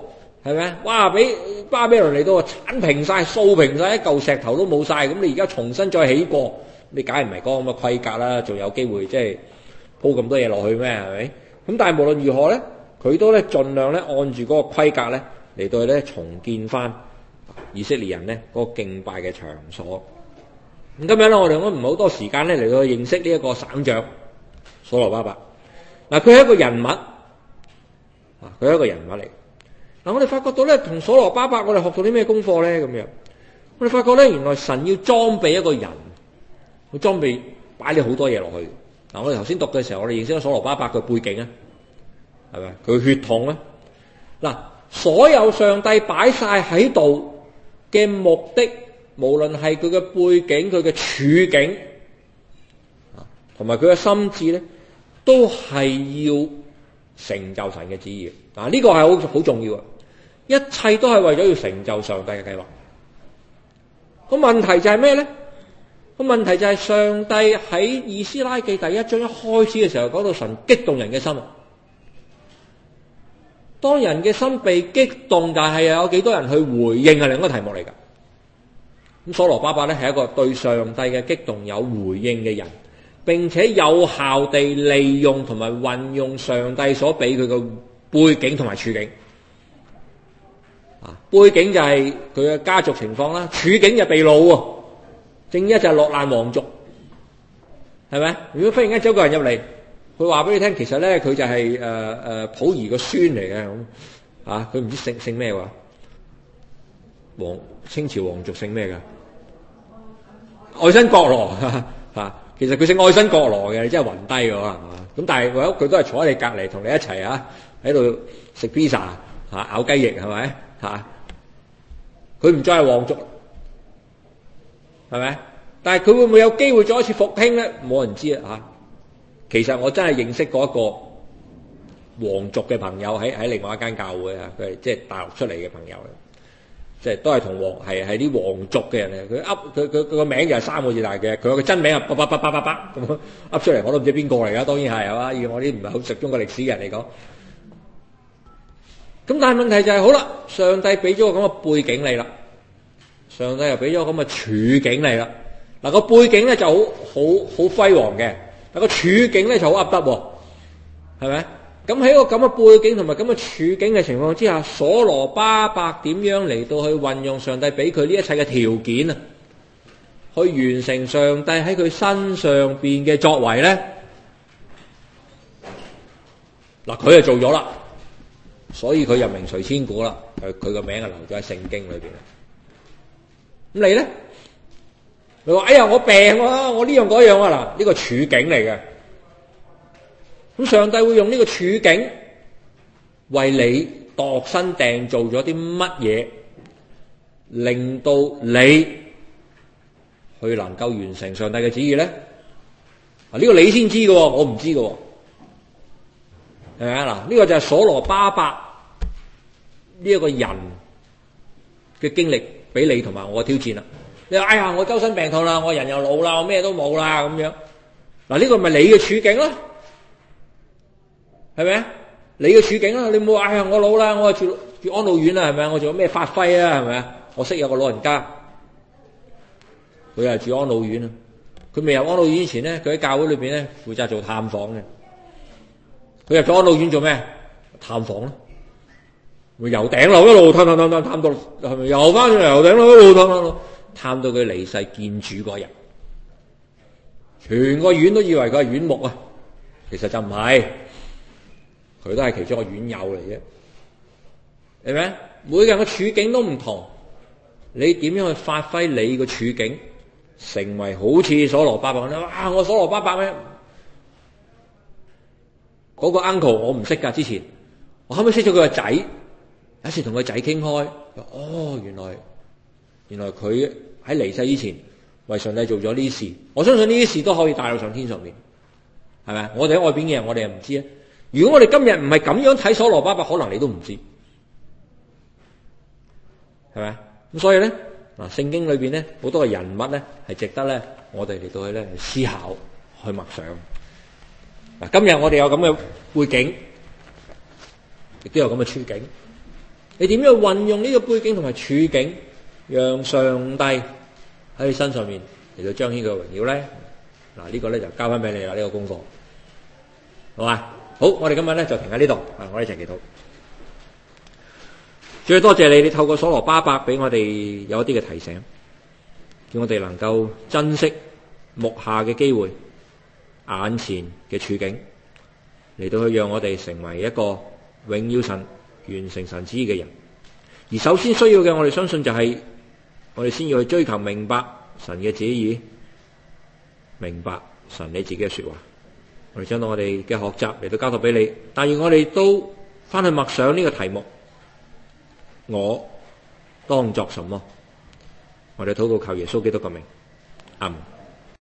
係咪？哇！俾巴比倫嚟到啊，鏟平晒，掃平晒，一嚿石頭都冇晒。咁你而家重新再起過，你梗唔係嗰咁嘅規格啦？仲有機會即係鋪咁多嘢落去咩？係咪？咁但係無論如何咧，佢都咧盡量咧按住嗰個規格咧嚟到咧重建翻以色列人咧嗰個敬拜嘅場所。咁今日咧，我哋都唔好多時間咧嚟到認識呢一個省長所羅巴伯。嗱，佢係一個人物，啊，佢係一個人物嚟。嗱，我哋發覺到咧，同所羅巴伯，伯我們學到什麼功呢？我哋學到啲咩功課咧？咁樣，我哋發覺咧，原來神要裝備一個人，佢裝備擺你好多嘢落去。嗱，我哋頭先讀嘅時候，我哋認識咗所羅巴伯嘅背景啊，係咪？佢血統啊，嗱，所有上帝擺晒喺度嘅目的，無論係佢嘅背景、佢嘅處境啊，同埋佢嘅心智咧，都係要成就神嘅旨意。嗱，呢個係好好重要啊！一切都係為咗要成就上帝嘅計劃。個問題就係咩咧？個問題就係上帝喺以斯拉記第一章一開始嘅時候講到神激動人嘅心。當人嘅心被激動，但係又有幾多人去回應啊？另一個題目嚟噶咁所羅巴伯咧，係一個對上帝嘅激動有回應嘅人，並且有效地利用同埋運用上帝所俾佢嘅背景同埋處境。背景就係佢嘅家族情況啦，處境就地老喎，正一就係落難皇族，係咪？如果忽然間走個人入嚟，佢話俾你聽，其實咧佢就係誒誒溥儀個孫嚟嘅，咁、呃呃、啊，佢唔知姓姓咩話，皇清朝皇族姓咩噶？愛新覺羅吓， 其實佢姓愛新覺羅嘅，你真係暈低咗嘛？咁但係我喺屋企都係坐喺你隔籬，同你一齊啊，喺度食披薩吓，咬雞翼係咪？是吓、啊，佢唔再係皇族，係咪？但係佢會唔會有機會再一次復興咧？冇人知啊！吓，其實我真係認識過一個皇族嘅朋，朋友，喺喺另外一間教會啊，佢係即係大陸出嚟嘅朋友，即係都係同皇，係係啲皇族嘅人嚟。佢噏佢佢佢個名字就係三個字大嘅，佢個真名係八八八八八八咁噏出嚟，我都唔知邊個嚟噶。當然係係嘛，以我啲唔係好熟中國歷史嘅人嚟講。咁但係問題就係好啦，上帝俾咗個咁嘅背景嚟啦，上帝又俾咗個咁嘅處境嚟啦。嗱，個背景咧就好好好輝煌嘅，但個處境咧就好噏得，係咪？咁喺個咁嘅背景同埋咁嘅處境嘅情況之下，所羅巴伯點樣嚟到去運用上帝俾佢呢一切嘅條件啊，去完成上帝喺佢身上邊嘅作為咧？嗱，佢就做咗啦。所以佢又名垂千古啦，佢佢個名就留咗喺聖經裏邊。咁你咧？你話哎呀，我病啊，我呢樣嗰樣啊！嗱，呢個處境嚟嘅。咁上帝會用呢個處境為你度身訂做咗啲乜嘢，令到你去能夠完成上帝嘅旨意咧？啊，呢個你先知喎，我唔知喎。係咪啊？嗱，呢個就係所羅巴伯。呢一個人嘅經歷俾你同埋我挑戰啦。你話哎呀，我周身病痛啦，我人又老啦，我咩都冇啦咁樣。嗱，呢個咪你嘅處境咯，係咪啊？你嘅處境啦，你冇哎呀，我老啦，我住住安老院啦，係咪啊？我做咩發揮啊？係咪啊？我識有個老人家，佢又住安老院啊。佢未入安老院前咧，佢喺教會裏邊咧負責做探訪嘅。佢入咗安老院做咩？探訪咯。由頂樓一路探探探探到，係咪又翻上嚟？由頂樓一路探咯，探到佢離世見主嗰日，全個院都以為佢係院牧啊。其實就唔係，佢都係其中一個院友嚟啫。係咪？每個人嘅處境都唔同，你點樣去發揮你嘅處境，成為好似所羅巴伯咁咧？啊，我所羅巴伯咩？嗰、那個 uncle 我唔識噶，之前我後尾識咗佢個仔。一次同個仔傾開，哦，原來原來佢喺離世以前為上帝做咗呢事，我相信呢啲事都可以帶到上天上面，係咪？我哋喺外邊嘅人，我哋又唔知啊。如果我哋今日唔係咁樣睇所羅巴伯，可能你都唔知，係咪？咁所以咧，嗱，聖經裏邊咧好多嘅人物咧係值得咧，我哋嚟到去咧思考去默想。嗱，今日我哋有咁嘅背景，亦都有咁嘅處境。你點樣運用呢個背景同埋處境，讓上帝喺你身上面嚟到彰顯佢嘅榮耀咧？嗱，呢個咧就交翻俾你啦，呢個功課，好嘛？好，我哋今日咧就停喺呢度，我哋一齊祈禱。最多謝你，你透過所羅巴伯俾我哋有一啲嘅提醒，叫我哋能夠珍惜目下嘅機會、眼前嘅處境，嚟到去讓我哋成為一個榮耀神完成神旨意嘅人，而首先需要嘅，我哋相信就係、是、我哋先要去追求明白神嘅旨意，明白神你自己嘅說話。我哋將到我哋嘅學習嚟到交託俾你。但願我哋都翻去默想呢個題目，我當作什麼？我哋禱告求耶穌基督個名，阿門。